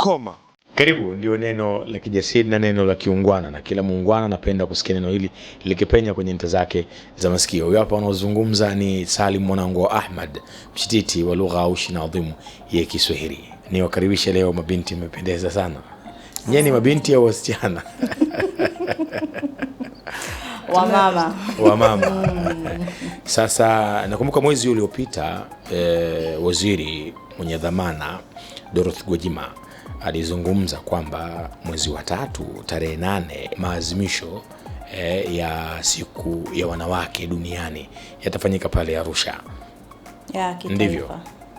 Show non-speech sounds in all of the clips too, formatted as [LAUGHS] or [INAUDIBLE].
koma. Karibu ndio neno la kijasiri na neno la kiungwana, na kila muungwana anapenda kusikia neno hili likipenya kwenye nta zake za masikio. Huyo hapa wanaozungumza ni Salim mwanangu wa Ahmad, mchititi wa lugha aushi na adhimu ya Kiswahili. Niwakaribishe leo mabinti, mmependeza sana. Nyie ni mabinti au wasichana? [LAUGHS] Wamama, wamama. Sasa nakumbuka mwezi uliopita, eh, waziri mwenye dhamana Dorothy Gwajima alizungumza kwamba mwezi wa tatu tarehe nane maazimisho eh, ya siku ya wanawake duniani yatafanyika pale Arusha ya, ndivyo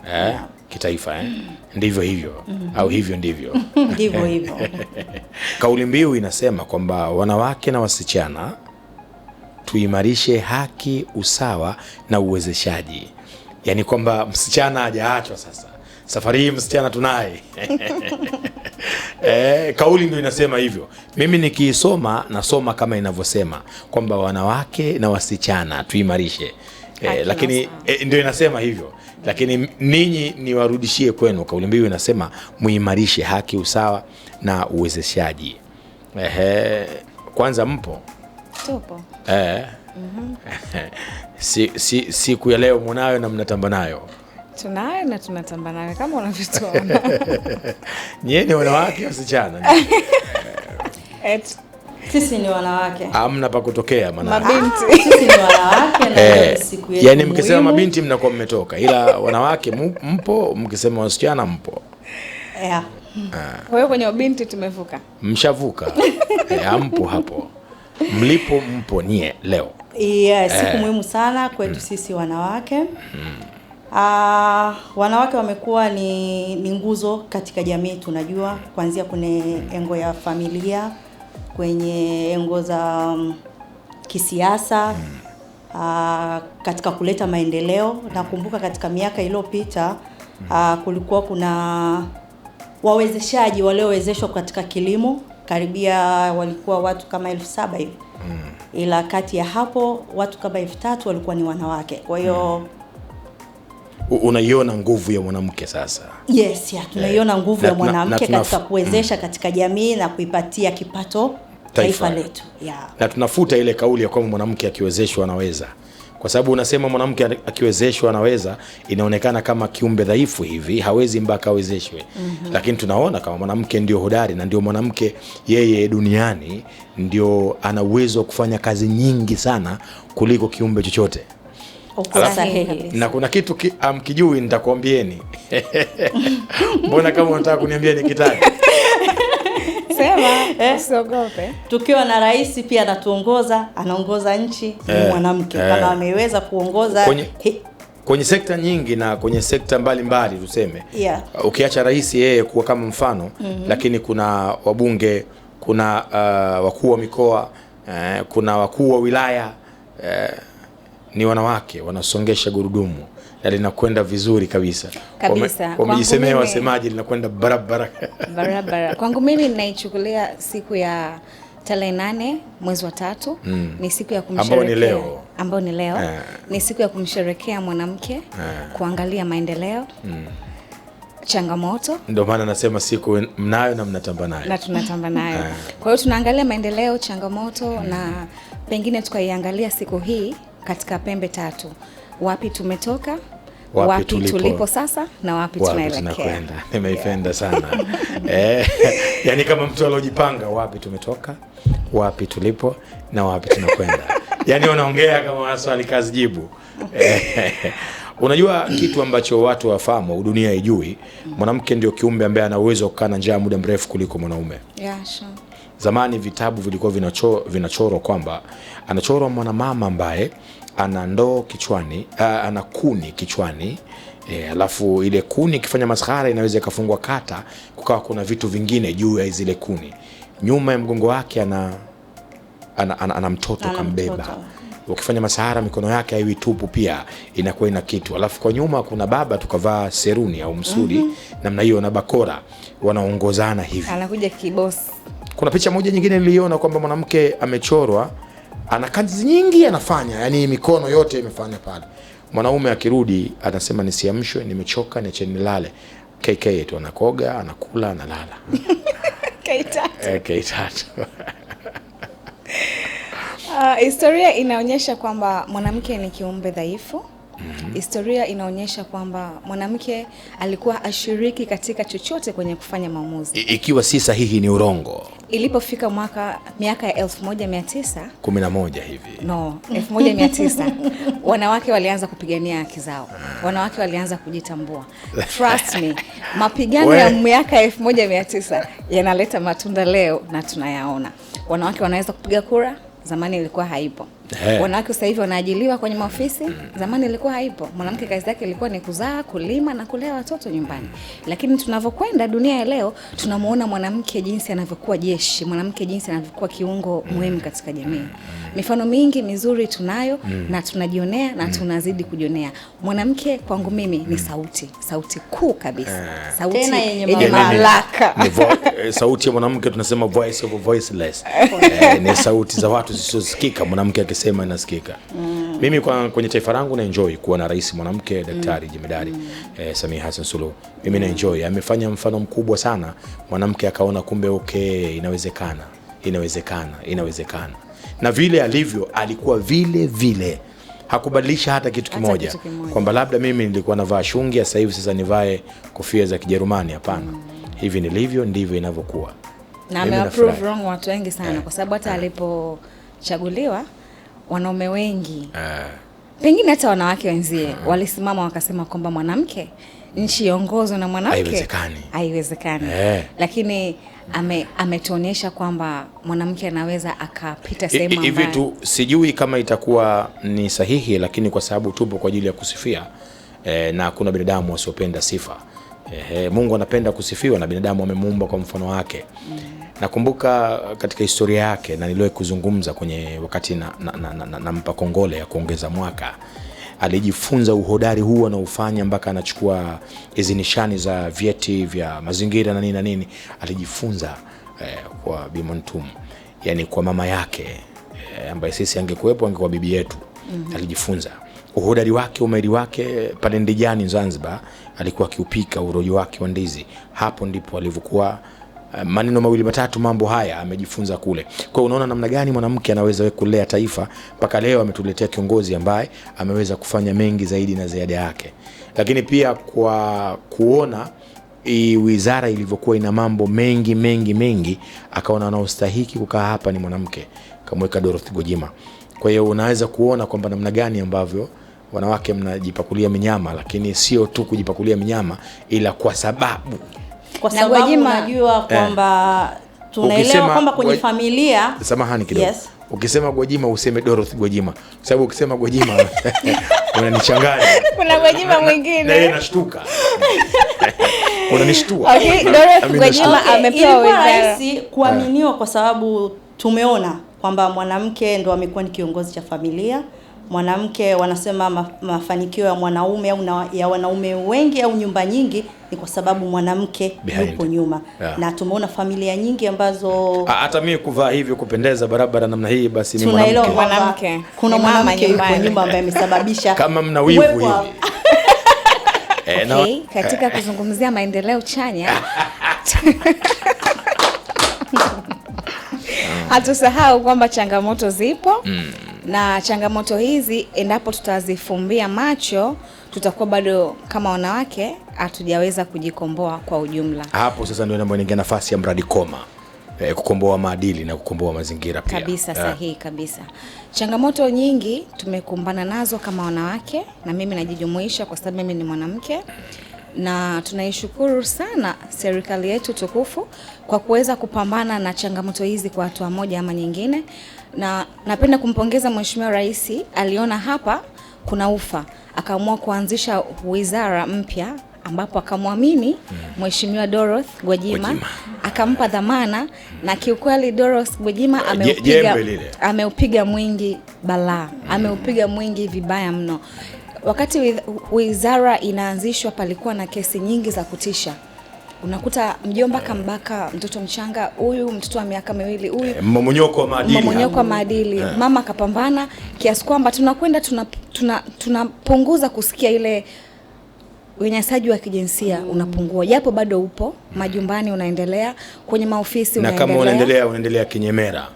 eh, yeah. kitaifa eh? mm. ndivyo hivyo mm -hmm. au hivyo ndivyo [LAUGHS] ndivyo hivyo [LAUGHS] kauli mbiu inasema kwamba wanawake na wasichana tuimarishe haki, usawa na uwezeshaji, yaani kwamba msichana hajaachwa sasa Safari hii msichana tunaye [LAUGHS] eh, kauli ndio inasema hivyo. Mimi nikiisoma nasoma kama inavyosema kwamba wanawake na wasichana tuimarishe eh, lakini eh, ndio inasema hivyo, lakini ninyi niwarudishie kwenu. Kauli mbiu inasema muimarishe haki, usawa na uwezeshaji. Eh, kwanza mpo? Tupo. Eh. Mm -hmm. [LAUGHS] si, si, siku ya leo mwanayo na mnatamba nayo Tunaye na tunatambanana kama unavyotuona. [LAUGHS] Nyie ni wanawake wasichana? [LAUGHS] Sisi ni wanawake. Hamna pa kutokea maana. Mabinti. Ah, sisi ni wanawake na eh, siku yetu. Yaani mkisema mabinti mnakuwa mmetoka ila wanawake mpo, mkisema wasichana mpo. Yeah. Ah. Kwa hiyo kwenye ubinti tumevuka. Mshavuka. [LAUGHS] Eh, mpo hapo. Mlipo mpo nie leo. Yes, siku eh. muhimu sana kwetu mm. sisi wanawake. Mm. Uh, wanawake wamekuwa ni, ni nguzo katika jamii tunajua, kuanzia kwenye engo ya familia, kwenye engo za um, kisiasa uh, katika kuleta maendeleo. Nakumbuka katika miaka iliyopita uh, kulikuwa kuna wawezeshaji waliowezeshwa katika kilimo karibia walikuwa watu kama elfu saba hivi, hmm. ila kati ya hapo watu kama elfu tatu walikuwa ni wanawake, kwa hiyo unaiona nguvu ya mwanamke sasa? Yes, eh, ya, tunaiona yeah, nguvu ya mwanamke katika kuwezesha mm, katika jamii na kuipatia kipato taifa letu yeah. Na tunafuta ile kauli ya kwamba mwanamke akiwezeshwa anaweza, kwa sababu unasema mwanamke akiwezeshwa anaweza, inaonekana kama kiumbe dhaifu hivi, hawezi mpaka awezeshwe. mm -hmm. Lakini tunaona kama mwanamke ndio hodari na ndio mwanamke yeye duniani ndio ana uwezo wa kufanya kazi nyingi sana kuliko kiumbe chochote na kuna kitu ki, amkijui nitakuambieni. [LAUGHS] Mbona kama unataka kuniambia nikitani? [LAUGHS] Sema, eh? usiogope. Tukiwa na rais pia anatuongoza, anaongoza nchi eh, mwanamke eh, kama ameweza kuongoza kwenye, kwenye sekta nyingi na kwenye sekta mbalimbali mbali, tuseme yeah. Ukiacha rais yeye kuwa kama mfano mm -hmm. Lakini kuna wabunge, kuna uh, wakuu wa mikoa eh, kuna wakuu wa wilaya eh, ni wanawake wanasongesha gurudumu na linakwenda vizuri kabisa kabisa. Wamejisemea wasemaji, linakwenda barabara barabara. Kwangu mimi ninaichukulia siku ya tarehe nane mwezi wa tatu mm. ni siku ya kumsherekea ambao ni leo, ambao ni, leo. Eh. ni siku ya kumsherekea mwanamke eh. kuangalia maendeleo mm. changamoto. Ndio maana nasema siku mnayo na mnatamba nayo na tunatamba nayo eh. kwa hiyo tunaangalia maendeleo, changamoto mm. na pengine tukaiangalia siku hii katika pembe tatu, wapi tumetoka wapi, wapi tulipo, tulipo sasa na wapi, wapi tunaelekea. [LAUGHS] Nimeipenda sana [LAUGHS] eh, [LAUGHS] yani kama mtu aliojipanga, wapi tumetoka, wapi tulipo na wapi tunakwenda. Yani wanaongea kama wanaswali kazi jibu eh, Unajua kitu ambacho watu wafahamu, dunia haijui, mwanamke ndio kiumbe ambaye ana uwezo wa kukaa na njaa muda mrefu kuliko mwanaume. Yeah, sure. Zamani vitabu vilikuwa vinachorwa vinachoro kwamba anachorwa mwanamama ambaye ana ndoo kichwani, eh, ana kuni kichwani e, alafu ile kuni ikifanya maskhara inaweza ikafungwa kata, kukawa kuna vitu vingine juu ya zile kuni. Nyuma ya mgongo wake ana, ana, ana, ana mtoto kambeba ukifanya masahara mikono yake haiwi tupu, pia inakuwa ina kitu. Alafu kwa nyuma kuna baba tukavaa seruni au msuri mm -hmm. namna hiyo na bakora, wanaongozana hivi, anakuja kibosi kuna picha moja nyingine niliona kwamba mwanamke amechorwa ana kazi nyingi anafanya, yani mikono yote imefanya pale. Mwanaume akirudi anasema nisiamshwe, nimechoka, niache nilale. KK tu anakoga, anakula, analala [LAUGHS] K3 Uh, eh, [LAUGHS] ah, historia inaonyesha kwamba mwanamke ni kiumbe dhaifu -hmm. Historia inaonyesha kwamba mwanamke alikuwa ashiriki katika chochote kwenye kufanya maamuzi, ikiwa si sahihi ni urongo. Ilipofika mwaka miaka ya 1911 hivi no, 1900 [LAUGHS] wanawake walianza kupigania haki zao, wanawake walianza kujitambua. Trust me, mapigano ya miaka ya 1900 yanaleta matunda leo na tunayaona. Wanawake wanaweza kupiga kura, zamani ilikuwa haipo yeah. Wanawake sasa hivi wanaajiliwa kwenye maofisi. Mm. Zamani ilikuwa haipo. Mwanamke kazi yake ilikuwa ni kuzaa, kulima na kulea watoto nyumbani. Lakini tunavyokwenda dunia ya leo, tunamuona mwanamke jinsi anavyokuwa jeshi, mwanamke jinsi anavyokuwa kiungo mm. muhimu katika jamii. Mm. Mifano mingi mizuri tunayo mm. na tunajionea na tunazidi kujionea. Mwanamke kwangu mimi ni sauti, sauti kuu kabisa. yeah. Sauti tena yenye mamlaka. Yaani eh, sauti ya mwanamke tunasema voice of voiceless. [LAUGHS] Eh, Ni sauti za watu zisizosikika mwanamke anasema inasikika. mm. Mimi kwa, kwenye taifa langu na enjoy kuwa na rais mwanamke daktari mm. jemedari mm. eh, Samia Hassan Suluhu mimi na enjoy, amefanya mfano mkubwa sana mwanamke akaona kumbe okay, inawezekana inawezekana inawezekana, na vile alivyo alikuwa vile vile hakubadilisha hata kitu kimoja, kimoja, kwamba labda mimi nilikuwa navaa shungi sasa hivi sasa nivae kofia za Kijerumani. Hapana, mm. hivi nilivyo ndivyo inavyokuwa, na ame approve wrong watu wengi sana yeah. kwa sababu hata yeah. alipochaguliwa wanaume wengi uh, pengine hata wanawake wenzie mm. walisimama wakasema kwamba mwanamke nchi iongozwe na mwanamke haiwezekani, uh, Lakini ame, ametuonyesha kwamba mwanamke anaweza akapita sehemu hivi tu. Sijui kama itakuwa ni sahihi, lakini kwa sababu tupo kwa ajili ya kusifia eh, na hakuna binadamu wasiopenda sifa eh, Mungu anapenda kusifiwa na binadamu amemuumba kwa mfano wake mm. Nakumbuka uh, katika historia yake na niliwahi kuzungumza kwenye wakati na, na, na, na, na, kongole ya kuongeza mwaka alijifunza uhodari huu anaofanya mpaka anachukua hizi nishani za vyeti vya mazingira na nini na nini, alijifunza eh, kwa Bi Montum, yani kwa mama yake eh, ambaye sisi angekuwepo angekuwa bibi yetu mm -hmm. Alijifunza uhodari wake, umairi wake pale Ndijani Zanzibar, alikuwa akiupika urojo wake wa ndizi. Hapo ndipo alivyokuwa Eh, maneno mawili matatu, mambo haya amejifunza kule. Kwa hiyo unaona namna gani mwanamke anaweza kulea taifa, mpaka leo ametuletea kiongozi ambaye ameweza kufanya mengi zaidi na ziada yake, lakini pia kwa kuona hii wizara ilivyokuwa ina mambo mengi mengi mengi, akaona anaostahiki kukaa hapa ni mwanamke, kamweka Dorothy Gojima. Kwa hiyo unaweza kuona kwamba namna gani ambavyo wanawake mnajipakulia minyama, lakini sio tu kujipakulia minyama, ila kwa sababu kwa sababu unajua eh. kwamba eh, tunaelewa kwamba kwenye familia. Samahani kidogo, yes. Ukisema Gwajima useme Dorothy Gwajima, kwa sababu ukisema Gwajima [LAUGHS] unanichanganya. Kuna Gwajima mwingine na yeye anashtuka, [LAUGHS] unanishtua. Okay, Dorothy Gwajima amepewa wizara kuaminiwa, eh. kwa sababu tumeona kwamba mwanamke ndo amekuwa ni kiongozi cha familia mwanamke wanasema ma, mafanikio ya mwanaume au ya wanaume wengi au nyumba nyingi ni kwa sababu mwanamke yuko nyuma yeah. Na tumeona familia nyingi ambazo hata mimi kuvaa hivyo kupendeza barabara namna hii basi ni mwanamke. Mwanamke kuna mwanamke yupo nyuma ambaye amesababisha [LAUGHS] kama mna wivu hivi [LAUGHS] eh, Okay, katika kuzungumzia maendeleo chanya [LAUGHS] hatusahau kwamba changamoto zipo mm na changamoto hizi endapo tutazifumbia macho tutakuwa bado kama wanawake hatujaweza kujikomboa kwa ujumla. Hapo sasa ndio inaingia nafasi ya mradi koma eh, kukomboa maadili na kukomboa mazingira pia. Kabisa eh. sahihi kabisa. Changamoto nyingi tumekumbana nazo kama wanawake, na mimi najijumuisha kwa sababu mimi ni mwanamke, na tunaishukuru sana serikali yetu tukufu kwa kuweza kupambana na changamoto hizi kwa hatua moja ama nyingine na napenda kumpongeza Mheshimiwa Rais, aliona hapa kuna ufa, akaamua kuanzisha wizara mpya ambapo akamwamini hmm. Mheshimiwa Doroth Gwajima, akampa dhamana na kiukweli Doroth Gwajima ameupiga, ameupiga mwingi balaa, hmm. ameupiga mwingi vibaya mno. Wakati wizara inaanzishwa palikuwa na kesi nyingi za kutisha unakuta mjomba kambaka mtoto mchanga huyu, mtoto wa miaka miwili huyu, eh, mmomonyoko wa maadili, mmomonyoko wa ah. maadili yeah. Mama akapambana kiasi kwamba tunakwenda tunapunguza tuna, tuna kusikia ile unyanyasaji wa kijinsia mm. unapungua, japo bado upo majumbani, unaendelea kwenye maofisi, na kama unaendelea unaendelea kinyemera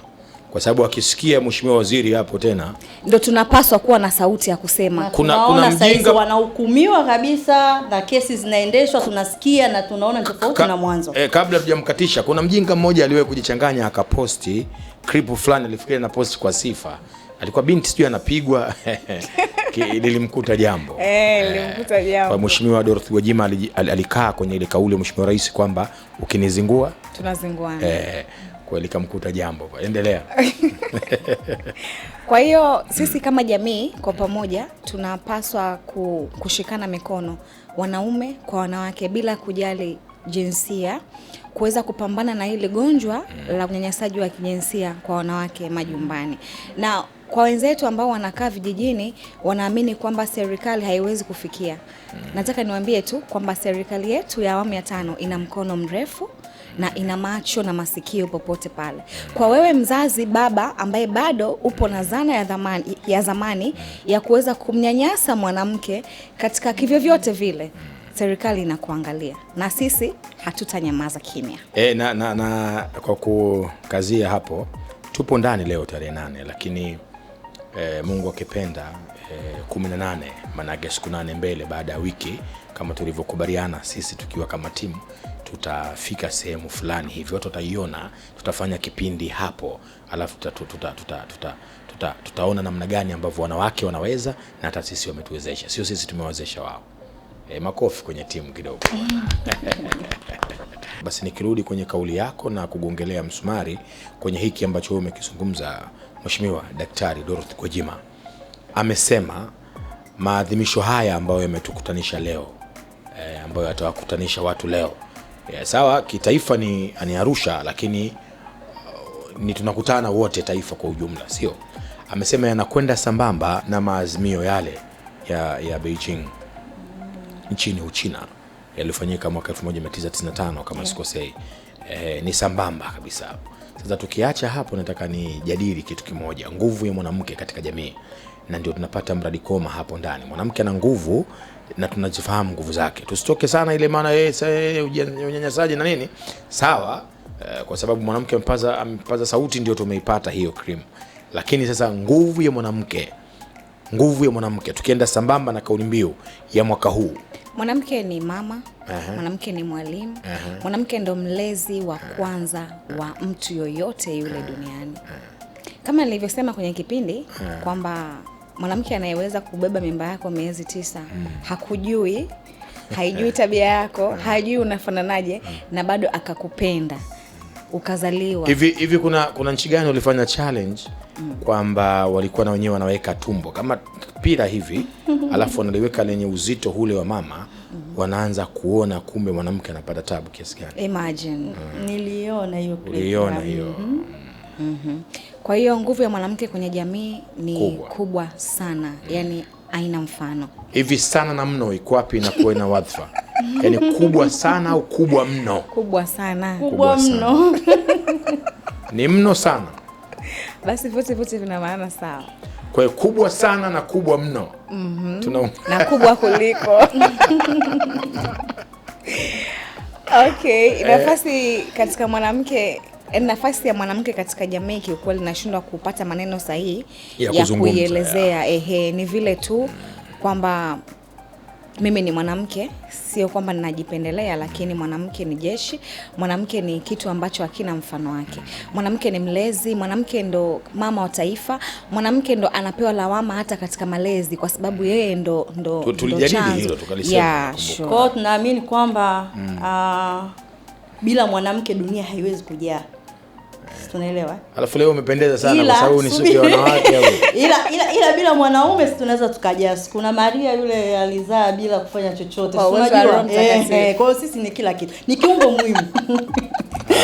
kwa sababu akisikia mheshimiwa waziri hapo tena ndio tunapaswa kuwa na sauti ya kusema. Kuna, kuna mjinga wanahukumiwa kabisa na kesi zinaendeshwa, tunasikia na tunaona tofauti na mwanzo. Eh, kabla tujamkatisha, kuna mjinga mmoja aliwahi kujichanganya akaposti clip fulani, alifikiri na post kwa sifa, alikuwa binti sijui anapigwa lilimkuta [LAUGHS] jambo eh, lilimkuta eh, jambo. Mheshimiwa Dorothy Gwajima alikaa kwenye ile kauli ya mheshimiwa rais kwamba ukinizingua tunazingua eh, kweli kamkuta jambo. Endelea. [LAUGHS] Kwa hiyo sisi kama jamii kwa pamoja tunapaswa kushikana mikono, wanaume kwa wanawake, bila kujali jinsia, kuweza kupambana na hili gonjwa la unyanyasaji wa kijinsia kwa wanawake majumbani na kwa wenzetu ambao wanakaa vijijini wanaamini kwamba serikali haiwezi kufikia. Nataka niwaambie tu kwamba serikali yetu ya awamu ya tano ina mkono mrefu na ina macho na masikio popote pale. Kwa wewe mzazi, baba ambaye bado upo na zana ya zamani ya, zamani, ya kuweza kumnyanyasa mwanamke katika kivyovyote vile serikali inakuangalia na sisi hatutanyamaza kimya. E, na, na, na kwa kukazia hapo, tupo ndani leo tarehe nane, lakini e, Mungu akipenda e, kumi na nane, maanake siku nane mbele baada ya wiki, kama tulivyokubaliana sisi tukiwa kama timu tutafika sehemu fulani hivyo, tutaiona, tutafanya kipindi hapo, alafu tuta, tuta, tuta, tuta, tuta, tutaona namna gani ambavyo wanawake wanaweza na hata sisi wametuwezesha, sio sisi tumewawezesha wao. E, makofi kwenye timu kidogo. [LAUGHS] Basi nikirudi kwenye kauli yako na kugongelea msumari kwenye hiki ambacho wewe umekizungumza, Mheshimiwa Daktari Dorothy kojima amesema maadhimisho haya ambayo yametukutanisha leo e, ambayo yatawakutanisha watu leo yeah, sawa kitaifa ni, ni Arusha lakini uh, ni tunakutana wote taifa kwa ujumla, sio? Amesema yanakwenda sambamba na maazimio yale ya, ya Beijing nchini Uchina yaliyofanyika mwaka 1995 kama sikosei. Eh, ni sambamba kabisa. Sasa tukiacha hapo, nataka nijadili kitu kimoja, nguvu ya mwanamke katika jamii na ndio tunapata mradi koma hapo ndani. Mwanamke ana nguvu na tunazifahamu nguvu zake, tusitoke sana ile maana yeye eh, eh, unyanyasaji na nini, sawa eh, kwa sababu mwanamke amepaza ampaza sauti, ndio tumeipata hiyo cream. Lakini sasa nguvu ya mwanamke, nguvu ya mwanamke, tukienda sambamba na kauli mbiu ya mwaka huu, mwanamke ni mama Aha. Mwanamke ni mwalimu, mwanamke ndo mlezi wa kwanza wa mtu yoyote yule duniani Aha. kama nilivyosema kwenye kipindi kwamba mwanamke anayeweza kubeba mimba yako miezi tisa mm. hakujui [LAUGHS] haijui tabia yako mm. hajui unafananaje mm. na bado akakupenda ukazaliwa hivi hivi. Kuna, kuna nchi gani ulifanya challenge mm. kwamba walikuwa na wenyewe wanaweka tumbo kama pira hivi [LAUGHS] alafu wanaliweka lenye uzito ule wa mama mm wanaanza kuona kumbe mwanamke anapata tabu kiasi gani? Imagine mm. niliona hiyo, hiyo mm -hmm mm -hmm. Kwa hiyo nguvu ya mwanamke kwenye jamii ni kubwa, kubwa sana mm. Yani aina mfano hivi sana na mno iko wapi kuwa ina wadhifa yani kubwa sana au kubwa mno? Kubwa sana, kubwa mno ni mno sana. Basi vyote vyote vina maana sawa. Kwa hiyo kubwa sana na kubwa mno mm -hmm. Tuna... na kubwa kuliko [LAUGHS] Okay, eh. nafasi katika mwanamke yani nafasi ya mwanamke katika jamii kiukweli nashindwa kupata maneno sahihi ya, ya kuielezea. Ehe, ni vile tu kwamba mimi ni mwanamke, sio kwamba ninajipendelea, lakini mwanamke ni jeshi, mwanamke ni kitu ambacho hakina mfano wake. Mwanamke ni mlezi, mwanamke ndo mama wa taifa, mwanamke ndo anapewa lawama hata katika malezi, kwa sababu yeye ndo ndo tunaamini kwamba mm. uh, bila mwanamke dunia haiwezi kujaa tunaelewa. Eh. Alafu leo umependeza sana kwa sababu ni siku ya wanawake [LAUGHS] ila, ila ila bila mwanaume si tunaweza tukajasi. Kuna Maria yule alizaa bila kufanya chochote, unajua eh, eh, kwa hiyo sisi ni kila kitu, ni kiungo muhimu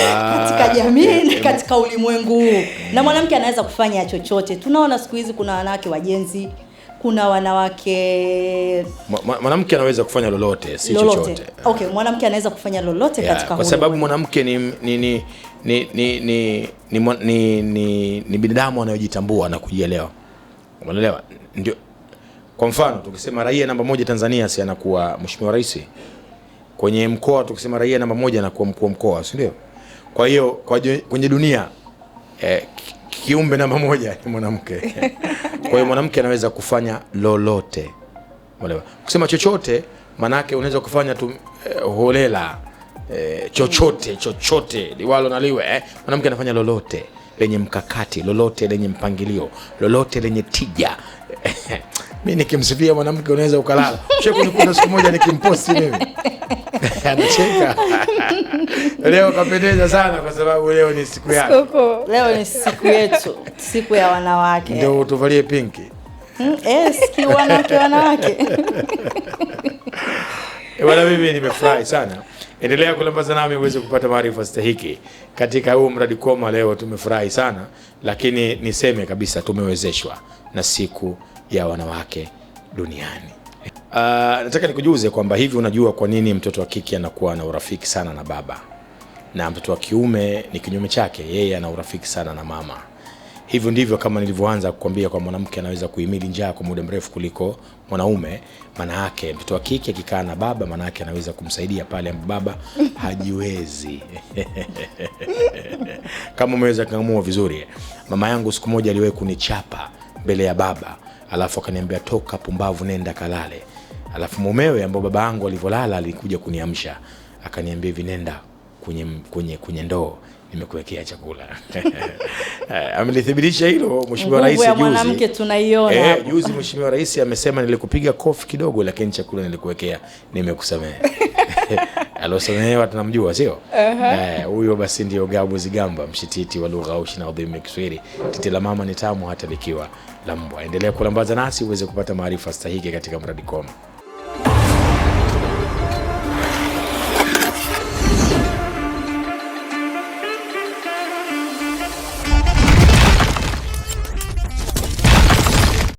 ah, [LAUGHS] katika jamii eh, na eh, katika ulimwengu huu, na mwanamke anaweza kufanya chochote. Tunaona siku hizi kuna wanawake wajenzi kuna wanawake mwanamke anaweza kufanya lolote, si chochote. Okay, mwanamke anaweza kufanya lolote yeah, katika kwa sababu mwanamke ni ni ni ni ni ni, ni, ni, ni binadamu anayojitambua na kujielewa, unaelewa Ndio, kwa mfano tukisema raia namba moja Tanzania, si anakuwa mheshimiwa rais. Kwenye mkoa tukisema raia namba moja anakuwa mkuu wa mkoa, si ndio? Kwa hiyo kwenye dunia eh, kiumbe namba moja ni mwanamke. Kwa hiyo mwanamke anaweza kufanya lolote, unaelewa. Kusema chochote manake unaweza kufanya tu eh, holela eh, chochote chochote liwalo na liwe eh. Mwanamke anafanya lolote lenye mkakati, lolote lenye mpangilio, lolote lenye tija. [LAUGHS] Mi nikimsifia mwanamke unaweza ukalala. siku moja nikimposti mimi anacheka [LAUGHS] leo kapendeza sana, kwa sababu leo ni siku yake, leo ni siku yetu, siku ya wanawake, ndio tuvalie pinki hmm, eh, wanawake wanawake. [LAUGHS] Bwana, mimi nimefurahi sana. Endelea kulambaza nami uweze kupata maarifa stahiki katika huu mradi KOMA. Leo tumefurahi sana, lakini niseme kabisa tumewezeshwa na siku ya wanawake duniani. Uh, nataka nikujuze kwamba hivi unajua kwa nini mtoto wa kike anakuwa na urafiki sana na baba na mtoto wa kiume ni kinyume chake, yeye ana urafiki sana na mama. Hivyo ndivyo kama nilivyoanza kukwambia kwa mwanamke anaweza kuhimili njaa kwa muda mrefu kuliko mwanaume. Maana yake mtoto wa kike akikaa na baba, maana yake anaweza kumsaidia pale ambapo baba [LAUGHS] hajiwezi. [LAUGHS] Kama umeweza kung'amua vizuri. Mama yangu siku moja aliwahi kunichapa mbele ya baba, alafu akaniambia toka pumbavu, nenda kalale. Alafu mumewe ambao baba yangu alivyolala alikuja kuniamsha akaniambia hivi, nenda kwenye, kwenye, kwenye ndoo nimekuwekea chakula [LAUGHS] eh, amelithibitisha hilo Mheshimiwa Rais juzi. Mwanamke tunaiona eh, juzi Mheshimiwa Rais amesema nilikupiga kofi kidogo, lakini chakula nilikuwekea, nimekusamehe [LAUGHS] aliosamehewa tunamjua, sio eh, huyo? uh -huh. Basi ndio gabu Zigamba, mshititi wa lugha aushi na adhimu Kiswahili. Titi la mama ni tamu hata likiwa la mbwa. Endelea kulambaza nasi uweze kupata maarifa stahiki katika mradi Koma.